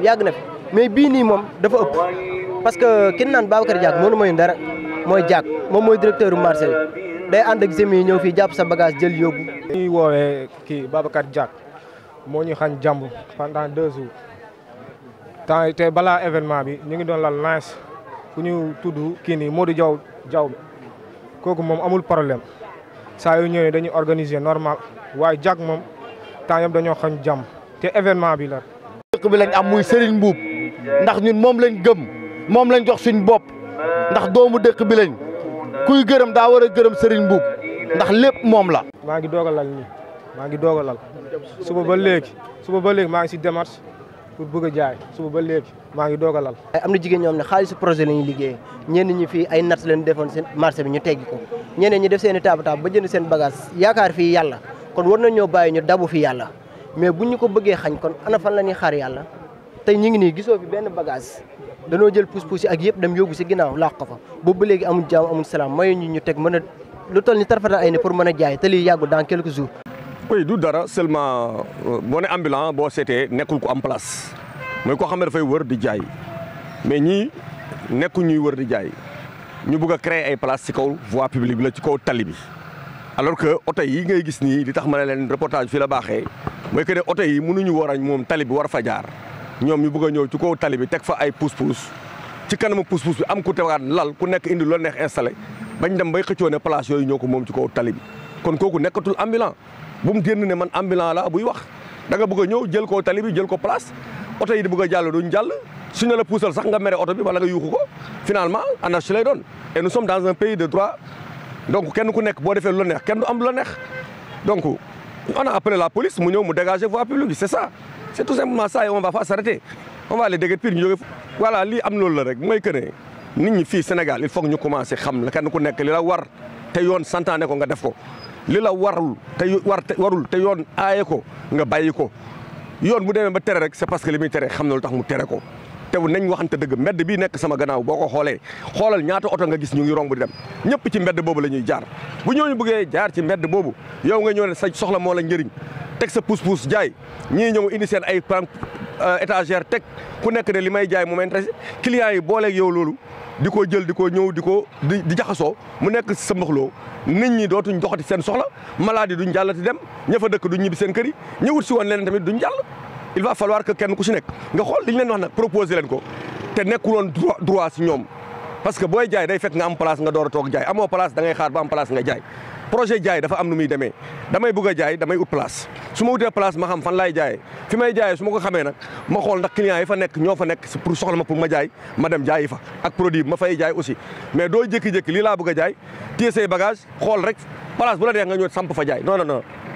yàgg na fi mais bii nii moom dafa ëpp parce que kin naan Babacar Diack moo ma ñu dara mooy Diack moom mooy directeur marché bi day ànd ak semis yi ñëw fii jàpp sa bagage jël yóbbu. ñuy woowee kii Babacar Diack moo ñu xañ jàmb pendant deux jours temps te balaa événement bi ñu ngi doon lal nice ku ñu tudd kii nii di Diaw Diaw bi kooku moom amul problème saa yu ñëwee dañuy organiser normal waaye Diack moom temps yëpp dañoo xañ jàmb te événement bi la. dëkk bi lañ am muy Serigne Mbuub ndax ñun moom lañ gëm moom lañ jox suñ bopp ndax doomu dëkk bi lañ kuy gërëm daa war a gërëm sëriñ Mbuub ndax lépp moom la. maa ngi doog a lal nii maa ngi doog a lal suba ba léegi suba ba léegi maa ngi si démarche pour bëgg a jaay suba ba léegi maa ngi doog a lal. am na jigéen ñoom ne xaalis projet la ñuy liggéey ñenn ñi fi ay natt leen defoon seen marché bi ñu teggi ko ñeneen ñi def seen i taab ba jënd seen bagage yaakaar fii yàlla kon war nañoo bàyyi ñu dabu fii yàlla mais bu ñu ko bëggee xañ kon ana fan la ñuy xaar yàlla te ñu ngi nii gisoo fi benn bagage danoo jël pousse-pousse yi ak yëpp dem yóbbu si ginnaaw laax ko fa boobu léegi amul jaam amul salaam mayu ñu ñu teg mën a lu toll ni tarfata ne pour mën a jaay te lii yàggu dans quelques du dara seulement euh, boo ne ambulant boo seetee nekkul ko am place mooy koo xam ne dafay wër di jaay mais ñii nekku ñuy wër di jaay ñu bëgg a créer ay place ci kaw voie bi la ci kaw tali bi alors que oto yi ngay gis nii li tax ma ne leen reportage fii la baaxee. mooy que ne oto yi mënuñu war a moom tali bi war fa jaar ñoom ñu bëgg ñëw ci kaw tali bi teg fa ay pousse-pousse ci kanamu pousse-pousse bi am ku tegaat lal ku nekk indi loolu neex installé bañ dem bay xëccoo ne place yooyu ñoo ko moom ci kow tali kon kooku nekkatul ambulant bu mu génn ne man ambulant la buy wax danga nga ñëw jël ko tali bi jël ko place oto yi di bëgg a jàll duñ jàll su ñu la puusal sax nga mere oto bi wala nga yuuxu ko finalement anarchie lay doon et nous sommes de droit donc kenn ku nekk boo defee lu neex kenn am lu neex donc On a appelé la police, nous a dégagé voie publique, c'est ça. C'est tout simplement ça et on va pas s'arrêter. On va aller dégager, Voilà, ce a, que nous, ici au Sénégal, il faut que nous commençons à savoir ce qu'on nous ce qu'on te yoon santané ko nga def ko li la warul war warul te yoon ayé ko nga yoon bu démé ba rek c'est parce que les muy les xam na lutax mu te nañ waxante deug medd bi nek sama gannaaw boko xolé xolal ñaata auto nga gis ñu ngi rombu di dem ñepp ci medd bobu la jaar bu ñu bëggee jaar ci medd bobu yow nga ñëw sa soxla mo la njëriñ tek sa pouce pouce jaay ñi ñëw indi seen ay pan euh, étagère tek ku nek ne limay jaay mu ma client yi boole ak yow lolu di jël di ko ñëw di di mu nek sa mbaxloo nit ñi dootuñ doxati seen soxla maladie duñ jallati dem ñafa dekk duñ ñibi seen kër yi ci won leen tamit duñ jall il va falloir que kenn ku ci nek nga xol li leen wax nak proposer leen ko te nekkuloon droit ci ñom parce que boy jaay day fek nga am place nga door tok jaay amo place da ngay xaar ba am place nga jaay projet jaay dafa am nu muy démé damay bëgg jaay damay ut place suma ma place ma xam fan lay jaay fi may jaay suma ko xamé nak ma xol ndax client yi fa nek ño fa nek pour soxla ma pour ma jaay ma dem jaay fa ak produit ma fay jaay aussi mais do jëk jëk li la bëgg jaay téye say bagage xol rek place bu la dé nga ñu samp fa jaay non non non